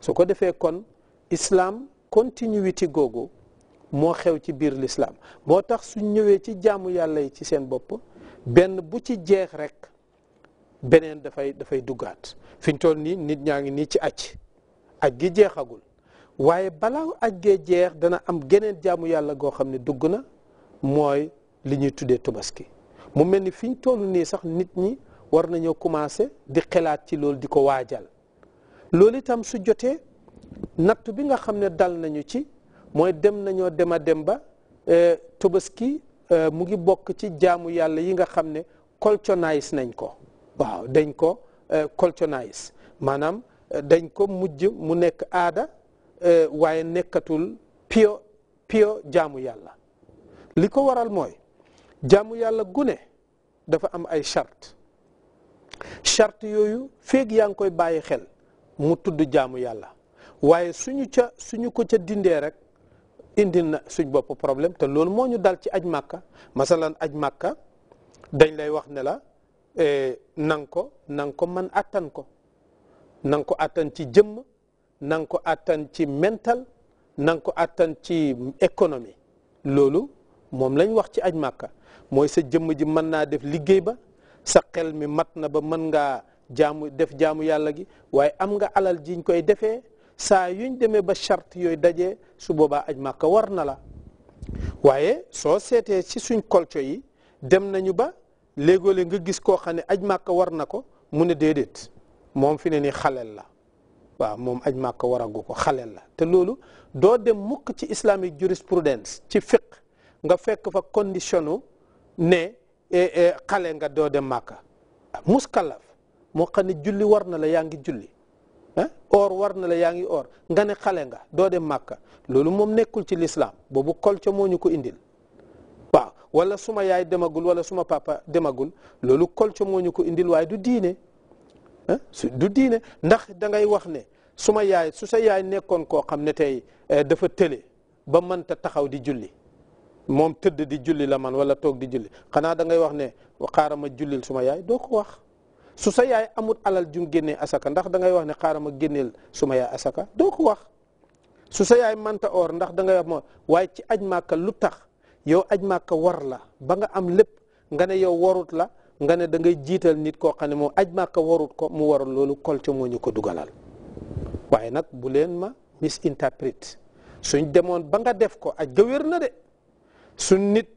su ko defee kon islam continuité googu moo xew ci biir lislaam moo tax suñ ñëwee ci jaamu yàlla yi ci seen bopp benn bu ci jeex rekk beneen dafay dafay duggaat fi ñu toll nii nit ñaa ngi nii ci aj aj gi jeexagul waaye balaa aj gee jeex dana am geneen jaamu yàlla goo xam ne dugg na mooy li ñuy tuddee tubaski mu mel ni fi ñu toll nii sax nit ñi war nañoo commencé di xelaat ci loolu di ko waajal loolu itam su jotee nattu bi nga xam ne dal nañu ci mooy dem nañoo dem a dem ba euh, tobaski euh, mu ngi bokk ci jaamu yàlla yi nga xam ne coltionnise nañ ko waaw dañ ko euh, coltionnise maanaam dañ ko mujj mu nekk aada waaye nekkatul pio pio jaamu yàlla li ko waral mooy jaamu yàlla gune dafa am ay charte charte yooyu feeg yaa ngi koy bàyyi xel mu tudd jaamu yàlla waaye suñu ca suñu ko ca dindee rek indil na suñ bopp problème te loolu moo ñu dal ci aj màkka masalan aj màkka dañ lay wax ne la e, nang ko nang ko man àttan ko nang ko àttan ci jëmm nang ko àttan ci mental nang ko àttan ci économie loolu moom lañ wax ci aj màkka mooy sa jëmm ji mën naa def liggéey ba sa xel mi mat na ba mën nga jaamu def jaamu yàlla gi waaye am nga alal jiñ koy defee saa yuñ demee ba charte yooyu dajee su boobaa aj màkka war na la waaye soo seetee ci suñ culture yi dem nañu ba léegoo-léeg nga gis koo xam ne aj màkka war na ko mu ne déedéet moom fi ne ni xaleel la waaw moom aj màkka waragu ko xaleel la te loolu doo dem mukk ci islamic jurisprudence ci fiqh nga fekk fa conditionu ne eh, eh, xale nga doo dem màkka muskalaf moo xam ne julli war na la yaa ngi julli ah, or war na la yaa ngi or nga ne xale nga doo dem màkka loolu moom nekkul ci lislaam boobu culture moo ñu ko indil waaw wala suma yaay demagul wala suma papa demagul loolu culture moo ñu ko indil waaye du diine ah, du diine ndax da ngay wax ne suma yaay su sa yaay nekkoon koo xam ne tey eh, dafa tële ba mënta taxaw di julli moom tëdd di julli la man wala toog di julli xanaa da ngay wax ne xaaral ma jullil suma yaay doo ko wax. su sa yaay amut alal jum génnee asaka ndax da ngay wax ne xaaral ma génneel su ma yaay asaka doo ko wax su sa yaay manta or ndax da ngay wax ma waaye ci aj màkka lu tax yow aj màkka war la ba nga am lépp nga ne yow warut la nga ne dangay jiital nit koo xam ne moom aj màkka warut ko mu warul loolu kolco moo ñu ko dugalal waaye nag bu leen ma misinterprète suñ demoon ba nga def ko aj ga wér na de su nit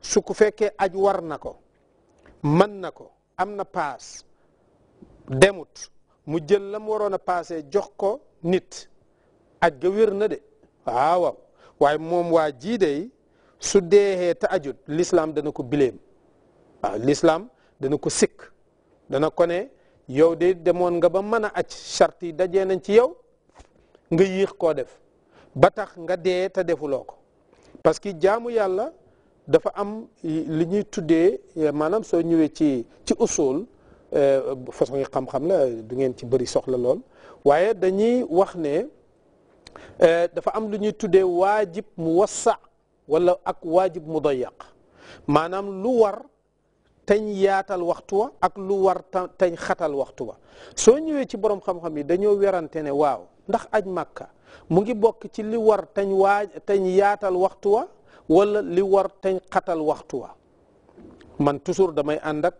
su ku fekkee aj war na ko man na ko am na paas demut mu jël lam waroon a paasee jox ko nit aj ga wér na de waaw waaye moom waa jii de su deexee te ajut lislaam dana ko bileem waaw l'islam dana ko sikk dana ko ne yow de demoon nga ba mën a aj charte yi dajee nañ ci yow nga yéex koo def ba tax nga dee te defuloo ko parce que jaamu yàlla dafa am lu ñuy tuddee euh, maanaam soo ñëwee ci ci usul euh, façon yi xam-xam la du ngeen ci bëri soxla lool waaye dañuy wax ne euh, dafa am lu ñuy tuddee waajib mu wassa wala ak waajib mu doyaq maanaam lu war teñ yaatal waxtu wa ak lu war teñ xatal waxtu wa soo ñëwee ci borom xam-xam yi dañoo werante ne waaw ndax aj màkka mu ngi bokk ci li war teñ waaj teñ yaatal waxtu wa wala li war teñ xatal waxtu wa man toujours damay andak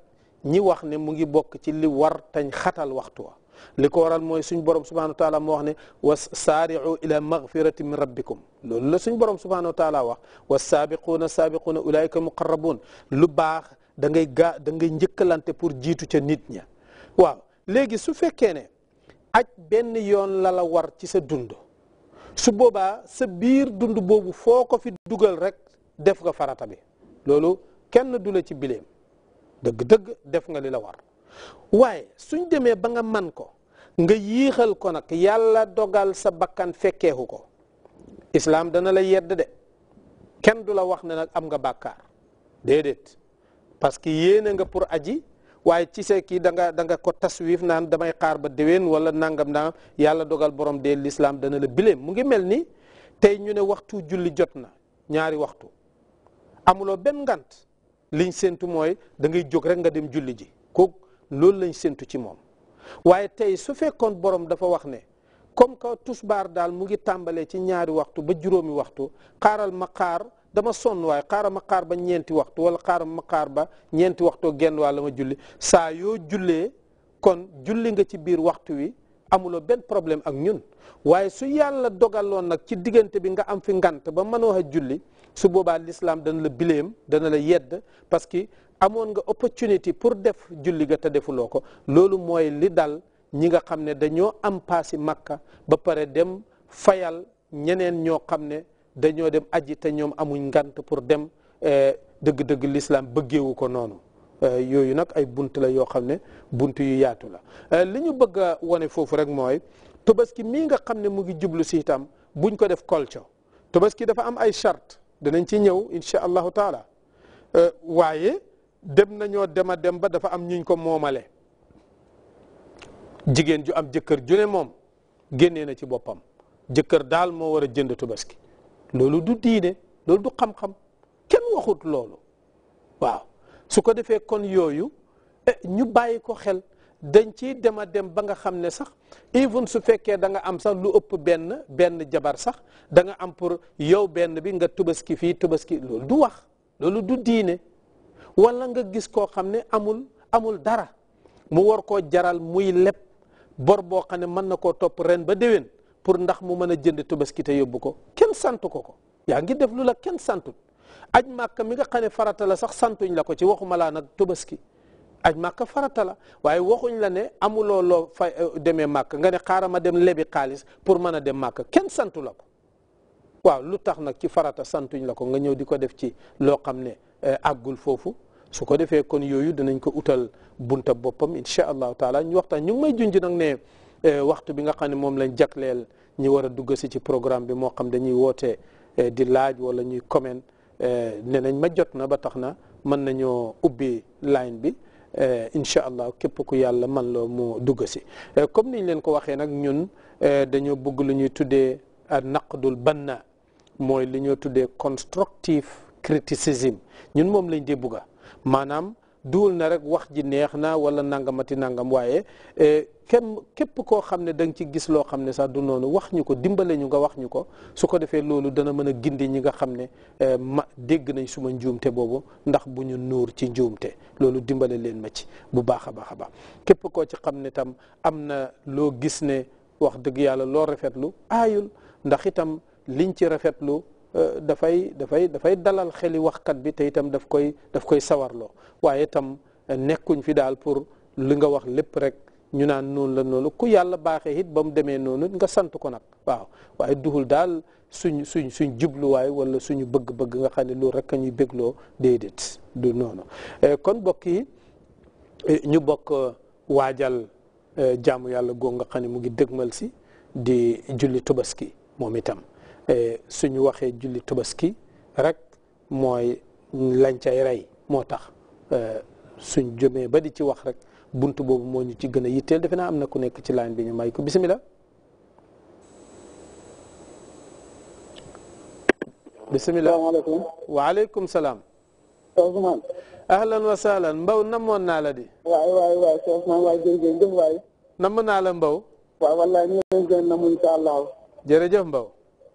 ñi wax ne mu ngi bok ci li war teñ xatal waxtu wa li ko waral moy suñu borom subhanahu wa taala mo wax ne ila maghfirati min rabbikum loolu la suñu borom subhanahu wa taala wax wa sabiquna saabiquuna ulaika muqarrabun lu bax da ngay ga da ngay njëkkalante pour jitu ci nit ñi waaw legi su fekke ne aj ben yoon la la war ci sa dundu su boba sa bir dundu bobu foko fi dugal rek def nga farata bi loolu kenn du la ci bileem dëgg-dëgg def nga li la war waaye suñ demee ba nga man ko nga yéexal ko nag yàlla dogal sa bakkan fekkeeku ko islaam dana la yedd de kenn du la wax ne nag am nga bàkkaar déedéet parce que yéene nga pour aji waaye ci see kii da nga da nga ko taswif naan damay xaar ba déwén wala nangam naa yàlla dogal borom dee lislaam dana la bileem mu ngi mel ni tey ñu ne waxtu julli jot na ñaari waxtu amuloo benn ngant liñ séntu mooy da ngay jóg rek nga dem julli ji ko loolu lañ séntu ci moom waaye tey su fekkoon borom dafa wax ne comme que tusbaar daal mu ngi tàmbalee ci ñaari waxtu ba juróomi waxtu xaaral ma xaar dama sonn waaye xaaral ma xaar ba ñeenti waxtu wala xaaral ma xaar ba ñeenti waxtoo genn wàll ma julli saa yoo jullee kon julli nga ci biir waxtu wi amuloo benn problème ak ñun waaye su yàlla dogaloon nag ci diggante bi nga am fi ngant ba mënoo a julli su boobaa lislaam dana la bileem dana la yedd parce que amoon nga opportunité pour def julli ga te defuloo ko loolu mooy li dal ñi nga xam ne dañoo am paasi makka ba pare dem fayal ñeneen ñoo xam ne dañoo dem aji te ñoom amuñ ngant pour dem eh, dëgg-dëgg lislaam bëggeewu ko noonu Euh, yooyu nag ay bunt la yoo xam ne bunt yu yaatu la euh, li ñu bëgg a wane foofu rek mooy tobaski mii nga xam ne mu ngi jublu si itam buñ ko def kolco tobaski dafa am ay charte danañ ci ñëw incha allahu taala euh, waaye dem nañoo dem a dem ba dafa am ñuñ ko moomale jigéen ju am jëkkër ju ne moom génnee na ci boppam jëkkër daal moo war a jënd tabaski loolu du diine loolu du xam-xam kenn waxut loolu waaw su ko defé kon yoyu eh, ñu bayiko ko xel dañ ci dem dem ba nga xam sax even su fekkee da nga am sax lu upp ben ben jabar sax da nga am pour yow ben bi nga tubaski fi tubaski lool du wax du diiné wala nga gis ko amul amul dara mu wor ko jaral muy lepp bor bo xam man nako top ren ba dewen pour ndax mu meuna jënd tubaski te yobuko ko kenn ko ko ya ngi def lula la kenn aj màkka mi nga xam ne farata la sax santuñ la ko ci waxuma laa nag tobaski aj màkka farata la waaye waxuñ la ne amuloo loo fay eh, demee màkka nga ne xaaral ma dem lebi xaalis pour mën a dem màkka kenn santu la ko waaw lu tax nag ci farata santuñ la ko nga ñëw di ko def ci loo xam ne eh, àggul foofu su ko defee kon yooyu dinañ ko utal bunta boppam incha allahu taala ñu waxtaan ñu ngi may junj nag ne eh, waxtu bi nga xam ne moom lañ jagleel ñi war a dugg si ci programme bi moo xam dañuy woote di laaj wala ñuy comment Eh, ne nañ ma jot na ba tax na mën nañoo ubbi line bi eh, incha allah képp ku yàlla man loo mu dugg si eh, comme niñ leen ko waxee nag ñun dañoo bugg lu ñuy tuddee naq dul banna mooy li ñoo tuddee constructive criticism ñun moom lañ dee bugga maanaam duul na rek wax ji neex na wala nangamati nangam waaye e, kenn képp koo xam ne da nga ci gis loo xam ne sax du noonu wax ñu ko dimbale ñu nga wax ñu ko su ko defee loolu dana mën a gindi ñi nga xam ne e, ma dégg nañ suma njuumte boobu ndax bu ñu nuur ci njuumte loolu dimbale leen ma ci bu baax a baax a baax képp koo ci xam ne tam am na loo gis ne wax dëgg yàlla loo rafetlu aayul ndax itam liñ ci rafetlu Euh, dafay dafay dafay dalal xeli waxkat bi tey itam daf koy daf koy sawarloo waaye itam euh, nekkuñ fi daal pour li nga wax lépp rek ñu naan noonu la noonu ku yàlla baaxee it ba mu demee noonu nga sant ko nag waaw waaye duhul daal suñ suñ suñ jubluwaay wala suñu bëgg-bëgg nga xam ne loolu rek a ñuy bégloo déedéet du noonu euh, kon bokk yi ñu bokk waajal jaamu yàlla goo nga xam ne mu ngi dëgmal si di julli tubaski moom itam Eh, suñu waxee julli tabaski rek mooy lañ cay rey moo tax eh, suñ jëmee ba di ci wax rek bunt boobu moo ñu ci gën a yitteel defe naa am na ku nekk ci line bi ñu may ko bisimilah. bisimilah salaamaaleykum. waaleykum salaam. Ousmane. ahlan wa namoon naa la di. waay waay waay Cheikh ñu ngi leen gën a namm incha allah.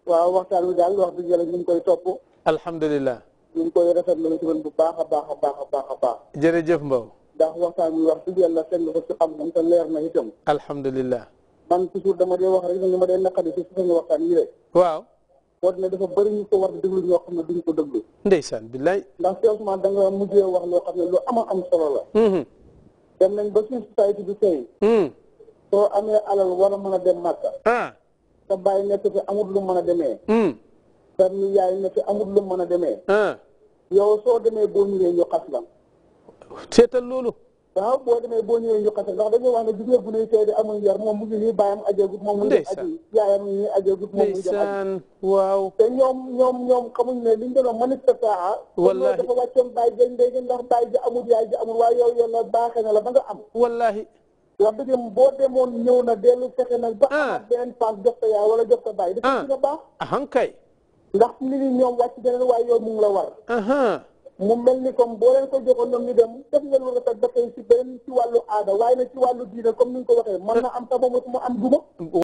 waaw waxtaan wi daal wax dëgg yàlla ñu ngi koy topp alhamdulilah ñu ngi koy rafet lu ci bu baax a baax a baax a baax a baax jërëjëf Mbow ndax waxtaan wi wax dëgg yàlla seen ko si xam-xam te leer na itam alhamdulilah man toujours dama dee wax rek ñu ma dee naqari si suñu waxtaan yi rek waaw boo dina dafa bëri ñu ko war di déglu ñoo xam ne duñ ko déglu ndeysaan billaay ndax si Ousmane da nga mujjee wax loo xam ne lu ama am solo la dem nañ ba suñu society bi tey soo amee alal war a mën a dem màkka sa bàyyi nekk fi amut lu mën a demee hmm. sa yaay nekk fi amut lu a demee yow soo demee boo ñëwee ñu xas la seetal loolu waaw boo demee boo ñëwee ñu xase ndax dañuy wax ne jigéen bu nuy seede amul yar moom mu ngi nii bàyyam ajeegut moom mu ngi aji yaayam mu ngi ajeegut moom mu ngi aji waaw te ñoom ñoom ñoom xamuñ ne liñ doon manistafaa ah. wallaahi dafa wàccoon bàyyi ji ndéegi ndax bàyyi yaay ji amul waaye yow yow la baaxee na la ba nga am wallaahi wax dëgg boo demoon ñëw na dellu fexe nag. ba ah. amaat beneen paas jox ko yaay wala jox ko baay. dafa gën a baax. ahankay. Ah, ndax nit ñi ñoom wàcc beneen waaye yow mu ngi la war. mu mel ni comme boo leen ko joxoon ñoom ñu dem def nga lu rafet ba tey si beneen ci wàllu aada waaye nag ci wàllu diine comme ni nga ko waxee. mën na am sax moom mu am duma.